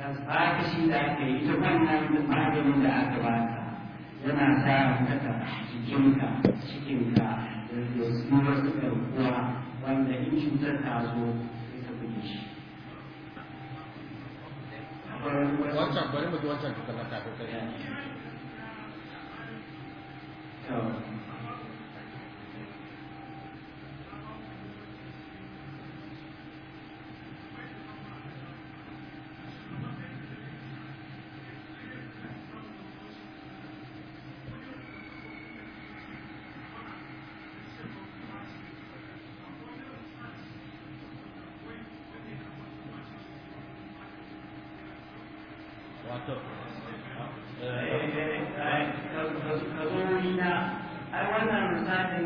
ba ka shi da aka yi wannan maganin da aka ba ka yana sa maka cikinka, cikinka da su wasu garkuwa wanda in cutar ta zo ta buge shi wancan bari mu ji wancan na bukatar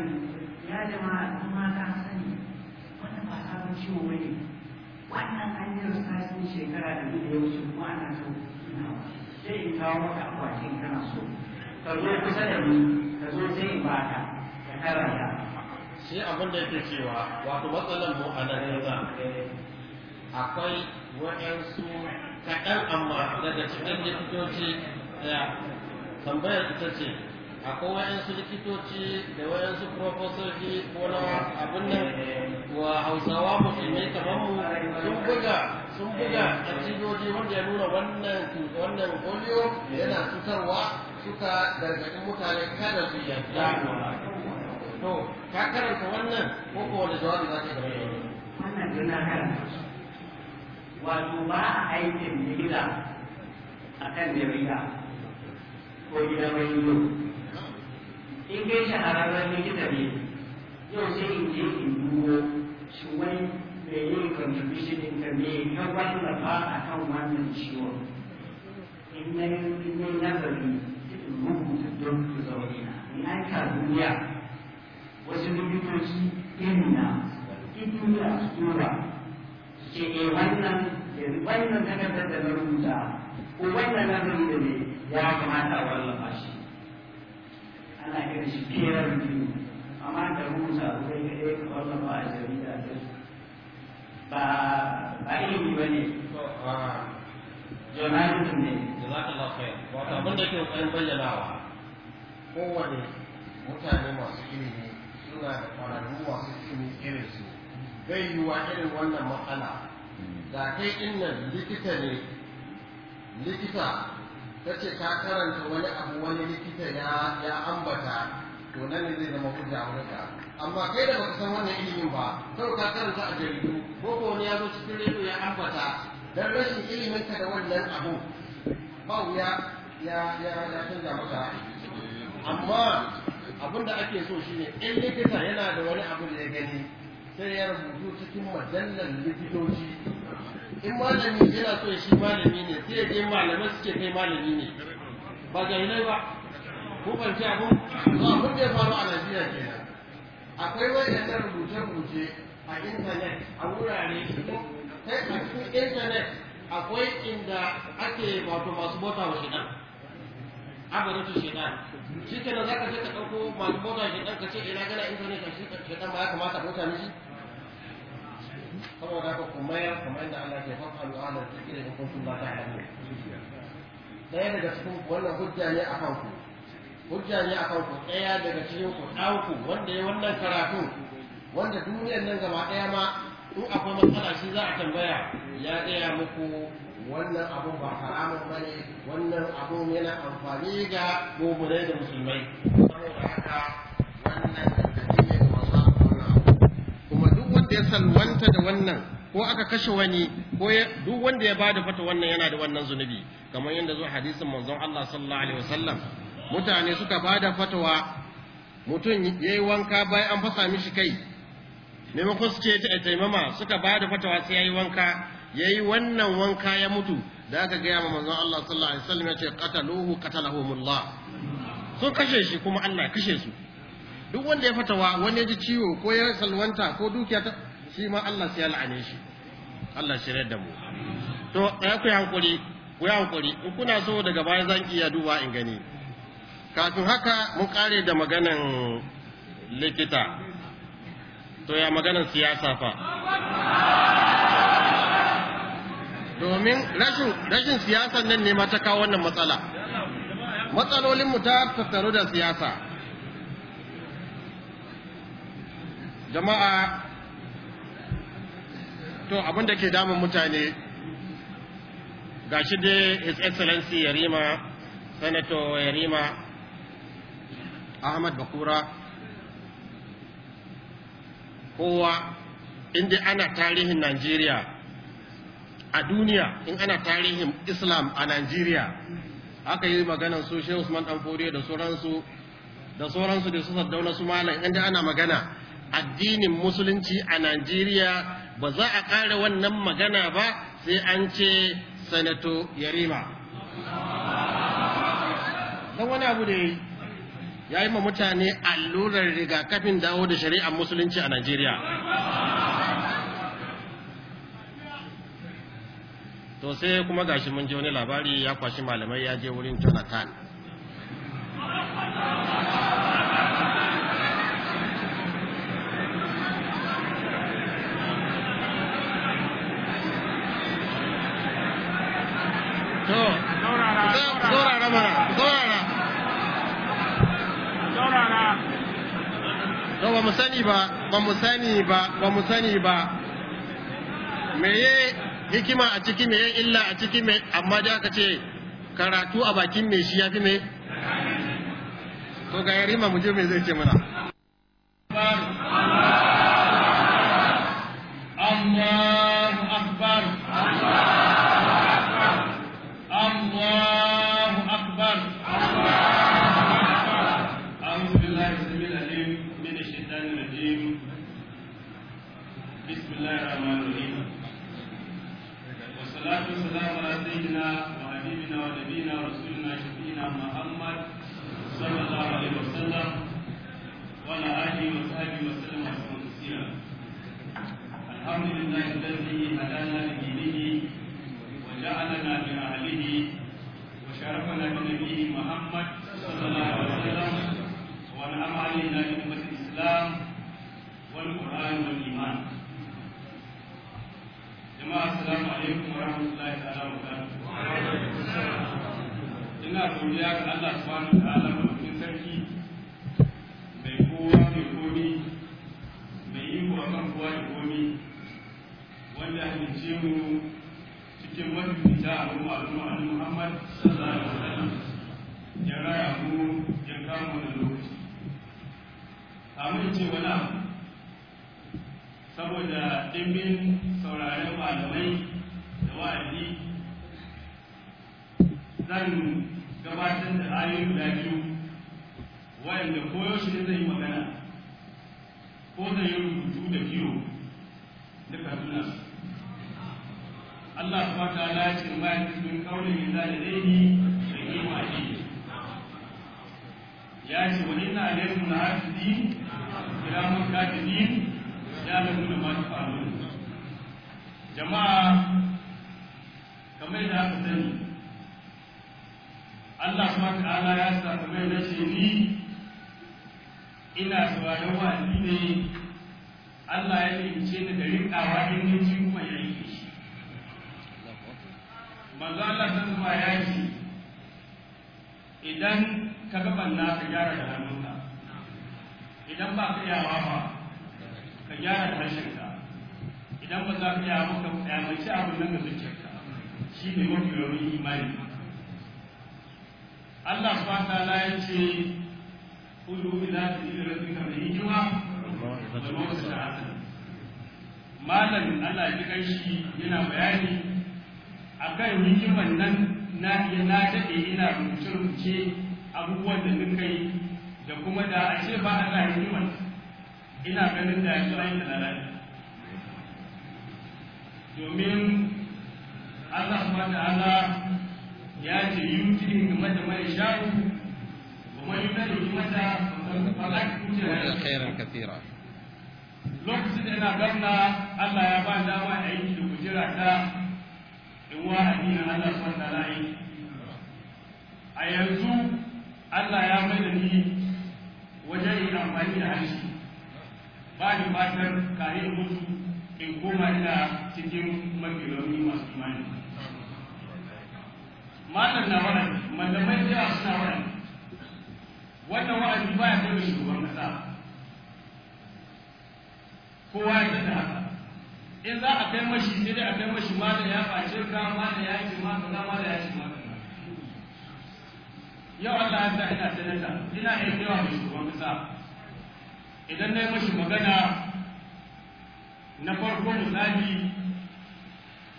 ya jama'a an mata sani wannan ba sabon ciwo ba ne wannan an yi shekara da duk da wuce kuma ana so tunawa sai in kawo maka akwatin kana so ka zo kusa da ni ka zo sai in baka ka karanta shi abin da yake cewa wato matsalar mu a nan yanzu akwai wa'yansu kaɗan amma daga cikin likitoci ɗaya eh, tambayar ita ce akwai wayansu likitoci da wayansu profesoshi ko na abin nan wa hausawa musulmi kamar mu sun buga sun buga natijoji wanda ya nuna wannan wannan polio yana cutarwa suka gargaɗi mutane kada su yarda to ka karanta wannan ko ko wani jawabi za ka yi wannan din na karanta wato ba aikin likita akan jarida ko gidan rediyo in kai shahararren likita ne yau sai in je in duwo shi wani mai yin contribution din ka ne na wallafa a kan wannan ciwon in na yi nazari in rubuta don ku zaune na in an ka duniya wasu rubutoci irin na duniya su tura su ce eh wannan wannan takardar da na rubuta ko wannan nazari da ne ya kamata a wallafa shi ana ganin shi peer review amma da rubuta kai ga ɗaya ka wannan ba a jarida ta ba ba ilimi ba ne journalism ne jazakallahu kai. wato abin da ke kokarin bayyanawa kowane mutane masu ilimi suna da kwararru masu ilimi irin su bai yiwuwa irin wannan matsala da kai ɗin likita ne likita ta ce ta karanta wani abu wani likita ya ambata to nan ne zai zama hujja a wurinka amma kai da baka san wannan ilimin ba kawai ka karanta a jaridu ko ko wani ya zo cikin rediyo ya ambata dan rashin ilimin ka da wannan abu ba wuya ya ya ya canza maka amma abin da ake so shine in likita yana da wani abu da ya gani sai ya rubutu cikin majallar likitoci in malami yana so shi malami ne sai dai malamai suke kai malami ne ba jahilai ba ko ban ce abun abun da ya faru a Najeriya kenan akwai waɗannan rubuce-rubuce a intanet a wurare sai a cikin intanet akwai inda ake wato masu bota wa shidan abaratu shidan shi Shi kenan za ka je ka ɗauko masu bota wa shidan ka ce ina gana intanet a shi shidan ba ya kamata bota mishi saboda haka ku mayar kamar yadda Allah ke fafalu ala zikri in ba ta ta'lamun daya daga cikin wannan hujja ne akan ku hujja ne akan ku ɗaya daga cikin ku dauku wanda ya wannan karatu wanda duniyar nan gaba ɗaya ma in akwai matsala shi za a tambaya ya ɗaya muku wannan abu ba haramun ne wannan abun yana amfani ga mu'minai da musulmai saboda haka wannan da ya salwanta da wannan ko aka kashe wani ko duk wanda ya bada fata wannan yana da wannan zunubi kamar yadda zo hadisin manzon Allah sallallahu alaihi wasallam mutane suka bada fatawa mutum yayi wanka bayan an fasa mishi kai maimakon su ce ta taimama suka ba da fatawa sai yayi wanka yayi wannan wanka ya mutu da aka gaya ma manzon Allah sallallahu alaihi wasallam ya ce qataluhu qatalahumullah sun kashe shi kuma Allah ya kashe su duk wanda ya fatawa wani ya ji ciwo ko ya salwanta ko dukiya ta shi ma Allah sai ya la'ane shi Allah shi da mu to ya ku hankuri ku hankuri in kuna so daga baya zan iya duba in gani kafin haka mun kare da maganan likita to ya maganan siyasa fa domin rashin rashin siyasan nan ne ma ta kawo wannan matsala matsalolin mu ta tattaru da siyasa jama'a to abin da ke damun mutane gashi dai his excellency yarima senator yarima ahmad bakura kowa inda ana tarihin najeriya a duniya in ana tarihin islam a najeriya aka yi maganan su shehu usman danfodiyo da sauransu da sauransu da su saddauna su malam inda ana magana addinin musulunci a Najeriya ba za a ƙara wannan magana ba sai an ce sanato yarima don wani abu da ya yi ma mutane allurar rigakafin dawo da shari'ar musulunci a Najeriya. to sai kuma gashi mun ji wani labari ya kwashi malamai ya je wurin jonathan mu sani ba ba mu sani ba ba mu sani ba meye hikima a ciki meye illa a ciki me amma da aka ce karatu a bakin mai shi yafi me to ga yarima mu je me zai ce mana محمد صلى الله عليه وسلم وعلى آله وصحبه وسلم وسلم كثيرا الحمد لله الذي هدانا saboda dimbin sauraren malamai da wa'azi zan gabatar da ayoyi guda biyu wa'anda koyaushe ne zai yi magana ko zai yi rubutu da biyu da kaduna Allah Ta wa lashe ya cikin kaunin yin zane da yi da kima ya ce wani wa inna alaykum ya kiramun katibin ya'lamuna ma yaf'alun jama'a kamar da aka sani Allah subhanahu ta'ala ya sa kamar da ce ni ina sauraron wa'azi ne Allah ya limice ni da riƙawa in yi ji kuma ya yi shi manzo Allah sun ma ya ce idan ka gaban na ka gyara da hannunka idan ba ka yawa ba ka gyara harshenka idan ba za ka iya maka yamaci abin nan da zuciyarka shi ne mafi raunin imani Allah subhanahu wa ta'ala ya ce kudu ila fi rabbika min hijra wa mawsata hasan malamin Allah ya kai shi yana bayani A akan hikiman nan na iya na dade ina rubuce rubuce abubuwan da kai da kuma da ashe ba Allah hikiman ina ganin da yanzu an yi da domin Allah subhanahu da Allah ya ce yuti hikmata da mai sha'u wa man yudallu hikmata faqad utiya khairan kathira lokacin da ina gwamna Allah ya ba dama aiki da kujera ta in wa addinin Allah subhanahu da ta'ala a yanzu Allah ya mai da ni wajen yin amfani da harshe ba ni fatar kare mutu in koma ina cikin mafi masu imani malam na wani malamai da yawa suna wani wannan wa'azi ba ya kai shugaban kasa kowa ya da haka in za a kai mashi sai dai a kai mashi mata ya face ka mata ya ce mata kaza mata ya ce mata yau Allah ya sa ina sanata ina iya kaiwa mai shugaban kasa idan na yi mashi magana na farko da zafi,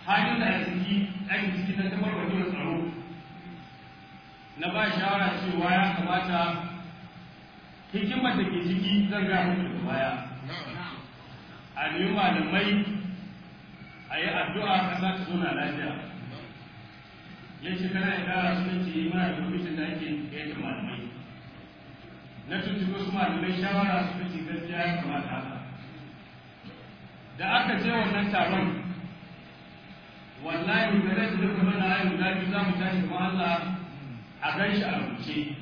halin da ciki ake ciki na tabar da tsaro na ba shawara cewa ya kamata hikimar da ke ciki zan ga daga baya a nemi malamai a yi addu'a a ƙasa ta zauna lafiya ya ce kana ya ƙara sunan ce yi mana da kwamishin da ake yanke malamai na tuntun wasu malamai shawara su fice gaskiya ya kamata haka da aka ce wannan taron wallahi da su duka mana ayu da biyu za mu tashi kuma Allah a gan shi a rubuce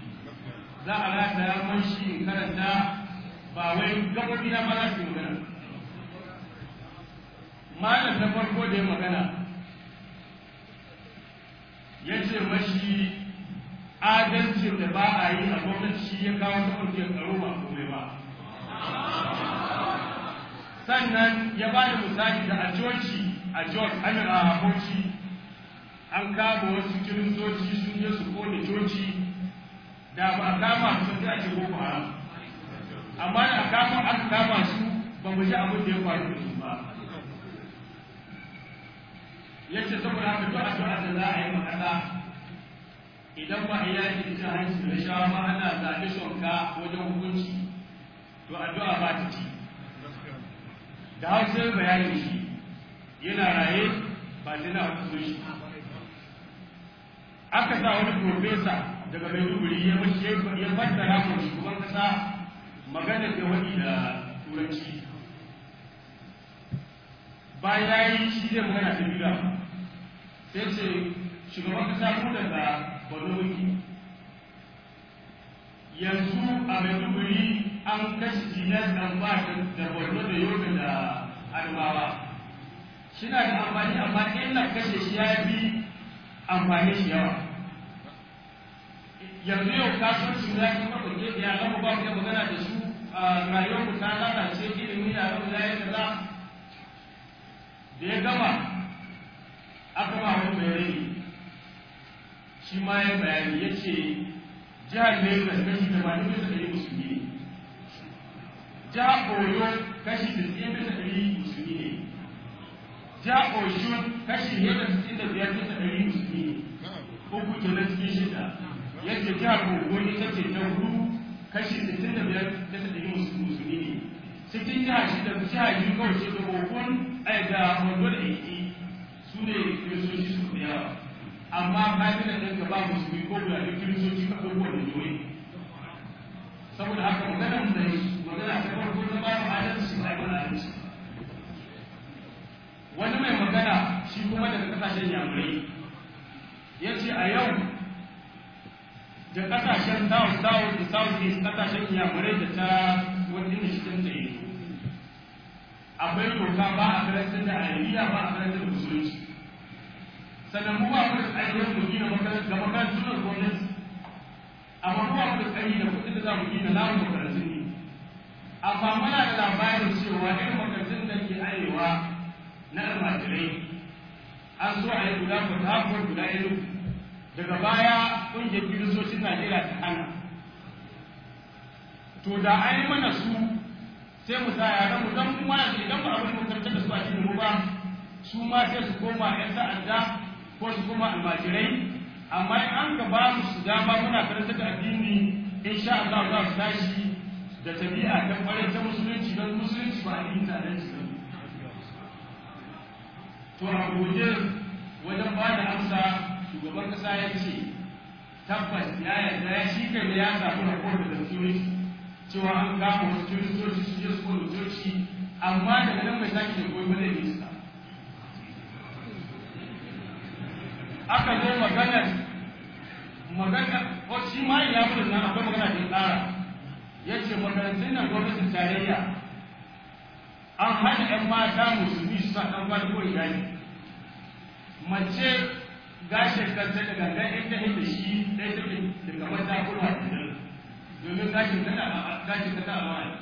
za a ya man shi in karanta ba wai gabobi na ba su magana malam ta farko da ya magana ya ce mashi adalcin da ba a yi a gwamnati shi ya kawo sauƙin tsaro ba kome ba sannan ya ba da misali da a coci a george amir a bauchi an kama wasu kiristoci sun je su kone coci da ba a kama su sun a ce boko haram amma da a kama an kama su ba mu ji abin da ya faru da su ba ce saboda haka duk a da za a yi magana idan ba a yaki cin hanci da shawa ma ana zaɓi sonka wajen hukunci to addu'a ba ta ci da hausa bayani shi yana raye ba sai na hukunci shi aka sa wani profesa daga maiduguri ya mace ya kuma mu shugaban kasa magana da wani da turanci bayan ya yi shi zai magana ta biyu sai ce shugaban kasa mu daga yanzu a maiduguri an kashe jinar dan ba da borno da yoga da adamawa shina da amfani amma illa kashe shi ya bi amfani shi yawa yanzu yau kasuwancin za ka maka gefe ya gama ba ka magana da su a rayuwar ta lalace ilimi na rabu da yadda za da ya gama aka ma wani mai rai shi ma ya bayani ya ce jihar ne da kashi tamanin bisa ɗari musulmi ne jihar oyo kashi tasirin bisa ɗari musulmi ne jihar oshun kashi ne da tasirin da biyar bisa ɗari musulmi ne ko uku na cikin shida yadda jihar ogun ita ce ta hudu kashi tasirin da biyar bisa ɗari musulmi ne cikin jihar shida jihar yi kawai ce da ogun ai da ogun da amma bayan da ka ba musulmi ko guda da kiristoci ka ɗauko da yoyi saboda haka mu da magana ta farko na ba mu adalci ba mu adalci wani mai magana shi kuma daga kasashen yamurai ya ce a yau da kasashen south south da south east kasashen yamurai da ta wani da shi ta yi akwai doka ba a karantar da ayyuka ba a karantar da musulunci sannan mu ba mu da tsari da mu gina makarantu da makarantu na gwamnati amma mu ba mu da tsari da kuɗin da za mu gina namu makarantu ne amma muna da labarin cewa irin makarantun da ke arewa na almajirai an zo a yi guda guda ko guda ilu daga baya ƙungiyar kiristocin najeriya ta hana to da an yi mana su sai mu sa yaran mu dan kuma idan mu abin mu da su a cikin ba su ma sai su koma yan ta'adda ko su kuma almajirai amma in an ka ba su su dama muna karanta da addini sha Allah za su tashi da tabi'a ta kwarai ta musulunci don musulunci ba addini ta dan su to a gobe wajen ba da amsa shugaban kasa ya ce tabbas ya yarda ya shi kai da ya samu rahoto da musulunci cewa an kama wasu kiristoci su je su kone amma daga nan mai sake da ba da nisa aka zo magana, magana ko shi ma ya fi nan akwai magana da tsara ya ce makarantun nan gwamnatin tarayya an haɗa 'yan mata musulmi su san ɗan ko yayi mace gashin kanta da gangan in inda hinda shi ɗaya ta da kamar ta kuma domin gashin kanta a gashin kanta a ba.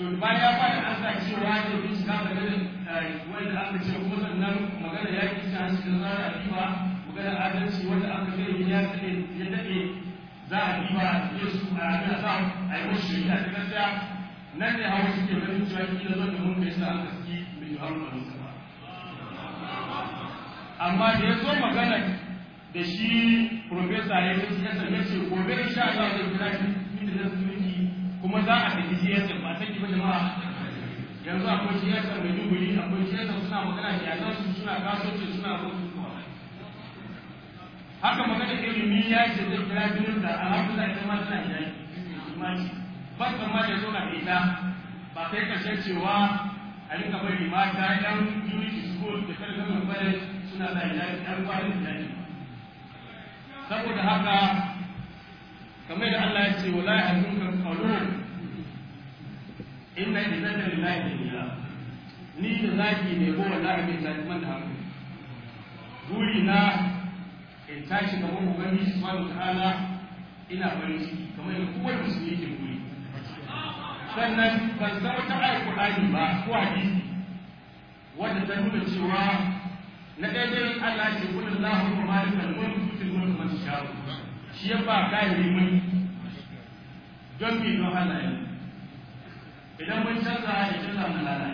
to bayan ya fara Allah ce wajibi su kama da wanda aka ce ko sannan magana ya ki ta su da a biba magana adalci wanda aka ce ya tsaye ya dade za a biba ya su a ana sa a yi wasu shirya ta gaskiya nan ne hawa suke ganin cewa kila zan da mun kai sa aka ski mai haru a musa amma da ya zo magana da shi profesa ya ce ya ce gobe insha Allah zai kira shi da zai kuma za a saki siyasar ba saki ba jama'a yanzu akwai siyasar mai dubuli akwai siyasar suna magana da yaran su suna kasuwanci suna abin haka magana ilimi ya ce zai kira binin da da ita ma tana da imani fasar ma da zauna da ita ba kai karshen cewa a rika bari mata yan unity school da kan gama bare suna da ilahi yan kwanin ilahi saboda haka kamar da Allah ya ce wala yahzunka wannan inna izata lillahi jami'a ni da zaki ne ko wallahi bai tashi man da hankali buri na in tashi kamar mu ubangiji subhanahu ta'ala ina farin ciki kamar yadda da musulmi yake buri sannan ban san wata ayar Qur'ani ba ko hadisi wanda ta nuna cewa na daidai Allah ya ce kullu Allahu wa malikal mulki tu'til mulka man tasha shi ya ba kai mai? don bi don halaye idan mun canza ya canza mun lana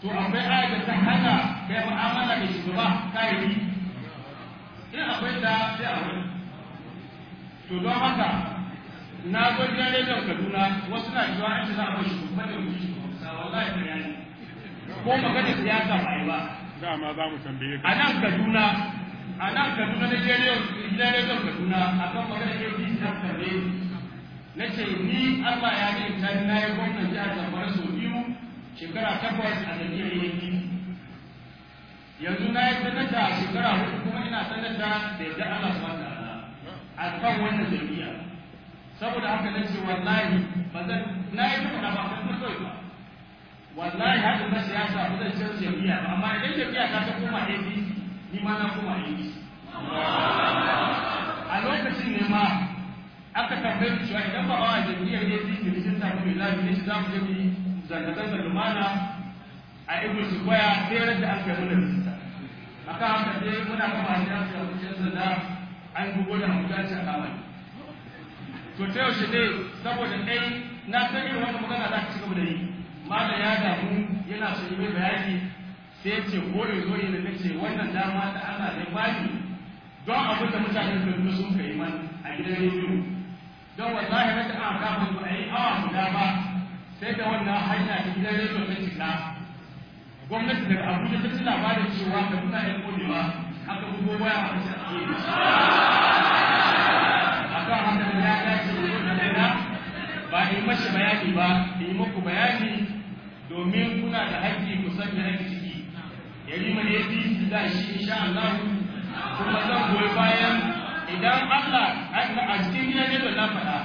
to akwai ayyuka ta hana ma amana da shugaba kai ni in akwai ta sai akwai to don haka na zo gidan da Kaduna wasu na cewa an za a bai kuma da mu shugaba wallahi ta yani ko magana siyasa ba yi ba dama za mu tambaye ka anan Kaduna anan Kaduna na gidan rediyon Kaduna akan magana APC ta tambaye na ce ni Allah ya ce ta na yi gwamnan jihar Zamfara sau biyu shekara takwas a jam'iyyar yanki yanzu na yi sanata shekara hudu kuma ina sanata da yadda Allah subhanahu wa ta'ala a kan wannan jami'a saboda haka na ce wallahi ba zan na yi ta faɗa ba kan kurkoi ba wallahi haka na siyasa ba zan canza jami'a ba amma idan jami'a ta ta koma APC ni ma na koma APC a lokacin ne ma aka tambaye su cewa idan ba a jam'iyyar APC da sun samu billahi ne za mu je mu yi zanga-zangar lumana a Ibn koya sai ran da an kai mana rijista akan haka sai muna kama a hanyar da mutum sanda an gugu da mutunci a kamar to ta yaushe dai saboda ɗai na san irin wannan magana za ka ci gaba da yi malam ya damu yana so yi mai bayani sai ya ce ko ya zo yi da ce wannan dama da Allah ya bani don abin da mutane da sun kai man a gidan rediyo don wallahi wata an kafin ba a yi awa guda ba sai da wannan hanya ta gidan rediyo ta cika gwamnati daga abuja ta ba da cewa da muna yan kodewa aka bugo waya a wasu a kan haka da ya dace da ba in mashi bayani ba in muku bayani domin kuna da haƙƙi ku san da haƙƙi ciki yari mai yadda shi insha Allah kuma zan goyi bayan idan Allah a cikin gidan yadda na faɗa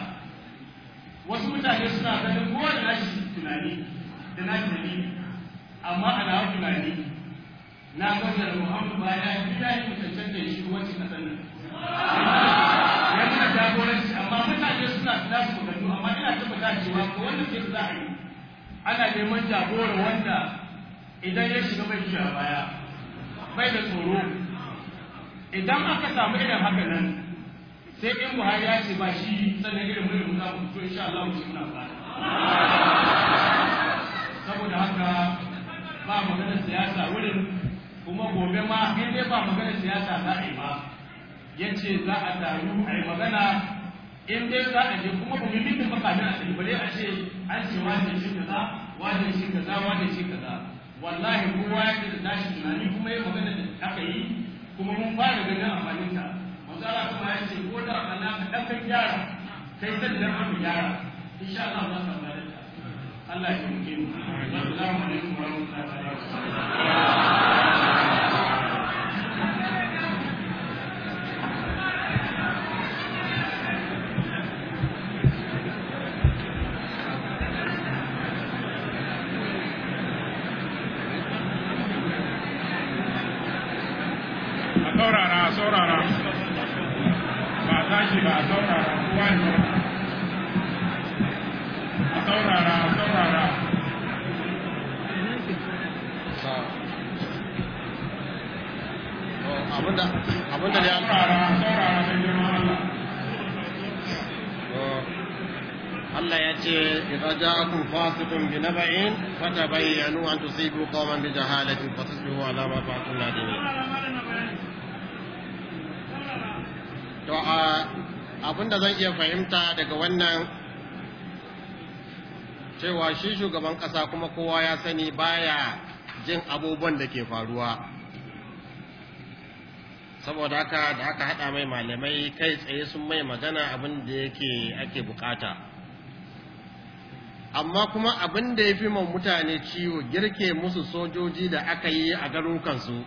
wasu mutane suna ganin kowa da nashi tunani da nashi tunani amma ana tunani na gwada Muhammadu ya gida ya mutuntar da shi wacce kasar nan. Yana jagoranci amma mutane suna kula su maganu amma ina tabbata cewa ko wanda ke za a yi ana neman jagoran wanda idan ya shiga bai baya bai da tsoro idan aka samu irin haka nan sai in buhari ya ce ba shi sannan irin mulkin za mu fito insha Allah mu ci muna saboda haka ba maganar siyasa wurin kuma gobe ma in dai ba maganar siyasa za a yi ba yace za a taru a yi magana in dai za a je kuma ba mu da makamin a tafi bare a ce an ce wani shi kaza wani shi kaza wani shi kaza wallahi kowa ya ce da tashi tunani kuma ya magana da aka yi kuma mun fara ganin amfanin ta manzo kuma ya ce ko da ana ka dan yara gyara kai ta da aka gyara insha Allah sa malinta Allah ya kike mu assalamu alaikum wa rahmatullahi wa barakatuh abinda abinda da ya Allah ya ce idza ja'akum fasiqun bi naba'in fatabayyanu an tusibu qauman bi jahalatin fatusbihu ala ma fa'altum nadimin to abinda zan iya fahimta daga wannan cewa shi shugaban kasa kuma kowa ya sani baya jin abubuwan da ke faruwa saboda haka da aka haɗa mai malamai kai tsaye sun mai magana abin da yake ake bukata amma kuma abin da ya fi man mutane ciwo girke musu sojoji da aka yi a garukansu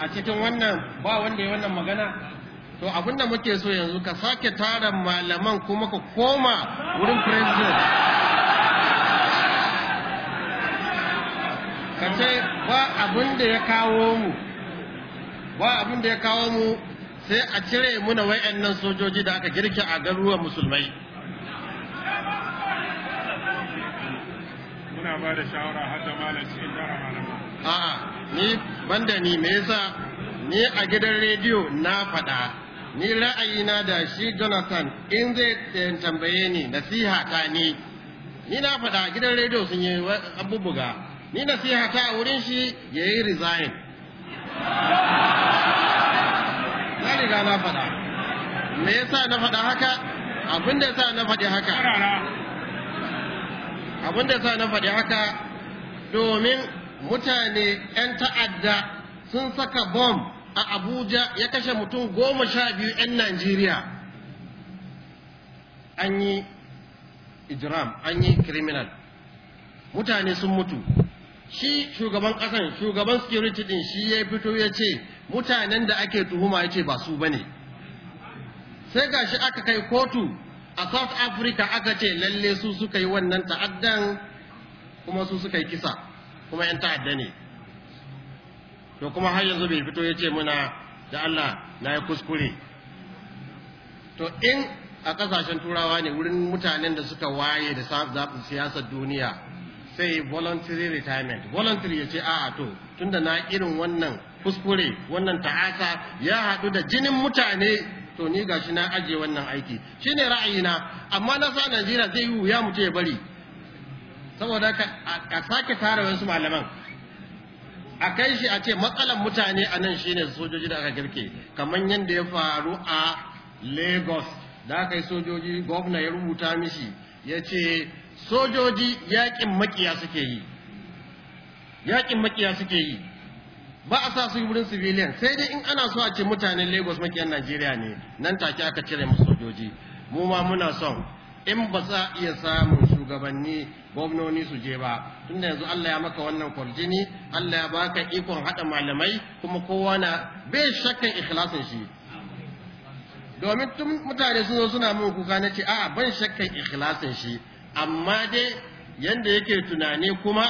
a cikin wannan ba wanda ya wannan magana to abin da muke so yanzu ka sake tara malaman kuma ka koma wurin president ka ce ba abin da ya kawo mu ba abin da ya kawo mu sai a cire muna wayannan sojoji da aka girke a garuruwan musulmai muna ba da shawara har da malam cikin dara a'a ni banda ni me yasa ni a gidan rediyo na faɗa ni ra'ayina da shi Jonathan in zai tambaye ni nasiha ta ni ni na faɗa gidan rediyo sun yi abubuwa ni nasiha ta a wurin shi ya yi resign na riga na faɗa me sa na faɗa haka abin da sa na faɗi haka abin da sa na faɗi haka domin mutane 'yan ta'adda sun saka bom a abuja ya kashe mutum goma sha biyu 'yan najeriya an yi ijram an yi criminal mutane sun mutu shi shugaban kasan shugaban security din shi ya fito ya ce mutanen da ake tuhuma ya ce ba su bane sai ga shi aka kai kotu a south africa aka ce lalle su suka yi wannan ta'addan kuma su suka yi kisa kuma yan ta'adda ne to kuma har yanzu bai fito ya ce muna da allah na yi kuskure to in a kasashen turawa ne wurin mutanen da suka waye da siyasar duniya sai voluntary retirement voluntary ya ce a'a to tunda na irin wannan kuskure wannan ta'asa ya haɗu da jinin mutane to ni gashi na ajiye wannan aiki shine ra'ayina amma na sa Najeriya zai yi wuya mutu ya bari saboda a sake tara wasu malaman a kai shi a ce matsalan mutane a nan shine sojoji da aka girke kamar yadda ya faru a Lagos da aka yi sojoji gwamna ya rubuta mishi ya ce sojoji yaƙin makiya suke yi yaƙin makiya suke yi ba a sa su wurin civilian sai dai in ana so a ce mutanen lagos makiyan najeriya ne nan take aka cire musu sojoji mu ma muna son in ba a iya samun shugabanni gwamnoni su je ba tunda yanzu allah ya maka wannan kwarjini allah ya baka ikon haɗa malamai kuma kowa na bai shakkan ikhlasin shi domin tun mutane sun zo suna mun kuka na ce a'a ban shakkan ikhlasin shi amma dai yanda yake tunani kuma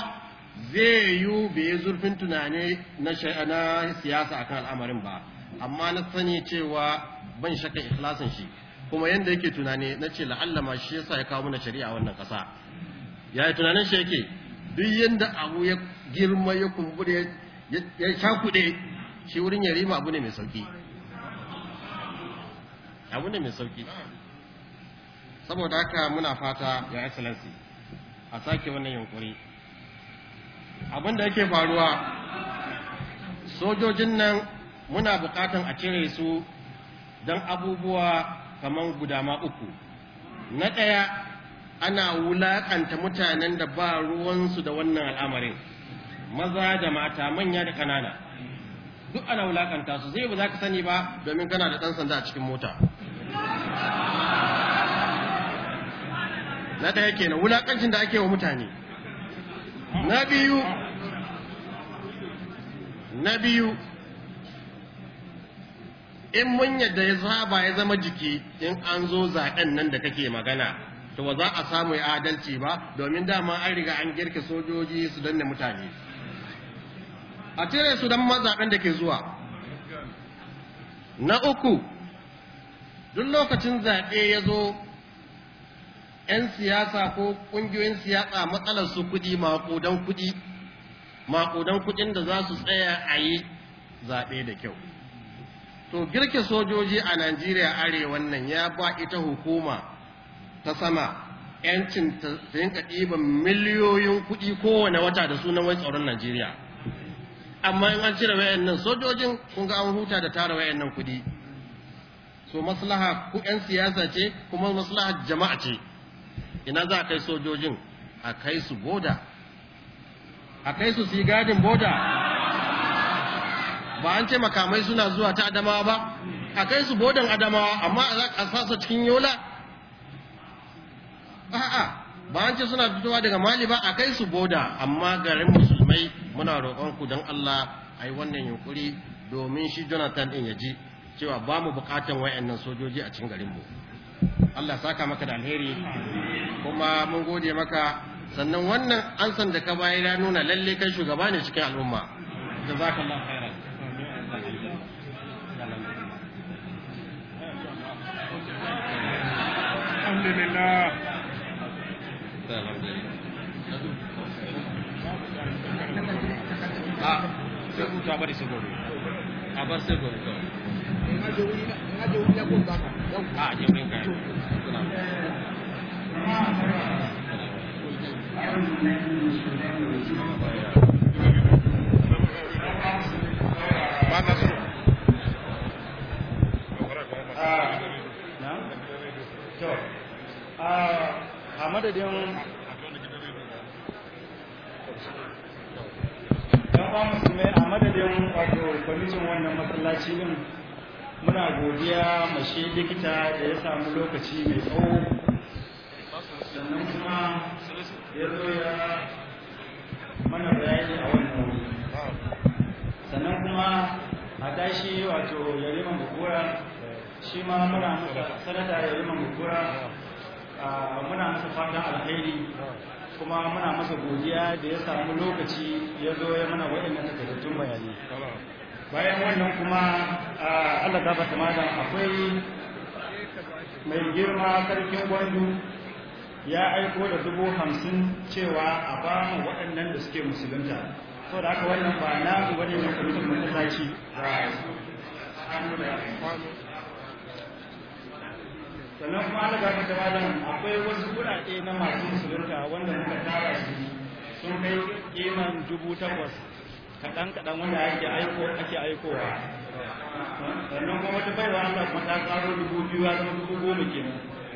zai yi bai zurfin tunani na siyasa akan al'amarin ba amma na sani cewa ban shakka ikhlasin shi kuma yanda yake tunani na ce la'allama shi yasa ya kawo mana shari'a wannan kasa yi tunanin shi yake duk yanda abu ya girma ya kumbure ya shakuɗe shi wurin yarima abu ne mai sauki abu ne mai sauki saboda haka muna fata ya excellency a sake wannan yunkuri abin da yake faruwa sojojin nan muna bukatan a cire su don abubuwa kamar gudama uku na ɗaya ana wulaƙanta mutanen da ba ruwansu da wannan al'amarin maza da mata manya da ƙanana duk ana wulaƙanta su zai ba za ka sani ba domin kana da ɗan sanda a cikin mota na ɗaya kenan wulaƙancin da ake wa mutane na biyu na biyu in mun yadda ya saba ya zama jiki in an zo zaɓen nan da kake magana to ba za a samu ya adalci ba domin dama an riga an girka sojoji su danne mutane a cire su don mazaɓen da ke zuwa na uku duk lokacin zaɓe ya zo 'yan siyasa ko ƙungiyoyin siyasa matsalar su kuɗi maƙudan kuɗi maƙudan kuɗin da za su tsaya a yi zaɓe da kyau to girke sojoji a najeriya arewa nan ya ba ita hukuma ta sama 'yancin ta rinka ɗiban miliyoyin kuɗi kowane wata da sunan wai tsaron najeriya amma in an cire wayan nan sojojin kun ga an huta da tara wayan nan kuɗi so maslaha ku 'yan siyasa ce kuma maslaha jama'a ce ina za a kai sojojin a kai su boda a kai su si gadin boda ba an ce makamai suna zuwa ta adamawa ba a kai su bodan adamawa amma a sa su cikin yola a'a ba an ce suna fitowa daga mali ba a kai su boda amma garin musulmai muna roƙon ku don Allah a yi wannan yunkuri domin shi Jonathan ɗin ya ji cewa ba mu buƙatan wayannan sojoji a cikin garin mu Allah saka maka da alheri kuma mun gode maka sannan wannan ansan da ka bayar ya nuna lalle kai shugaba ne cikin al'umma jazakallahu khairan alhamdulillah Ah, sai ku ta bari sai gobe. A bar sai gobe. Ina je wuri ina je wuri ya ko a je wurin wato kwamitin wannan masallaci din muna godiya mashi likita da ya samu lokaci mai tsawo sannan kuma ya zo ya mana bayani a wannan wuri sannan kuma a tashi wato yariman bukura shi ma muna masa sanata yariman bukura muna masa fatan alheri kuma muna masa godiya da ya samu lokaci ya zo ya mana waɗannan takardun bayani bayan wannan kuma Allah ta bata malam akwai mai girma sarkin gwandu ya aiko da dubu hamsin cewa a ba waɗannan da suke musulunta sau da aka wannan ba na wani na kwamitin masallaci sannan kuma Allah ta bata malam akwai wasu wurare na masu musulunta wanda muka tara su sun kai kiman dubu takwas kaɗan kaɗan wanda ake aiko ake aikowa sannan kuma wata baiwa Allah kuma ta karo dubu biyu ya zama dubu goma kenan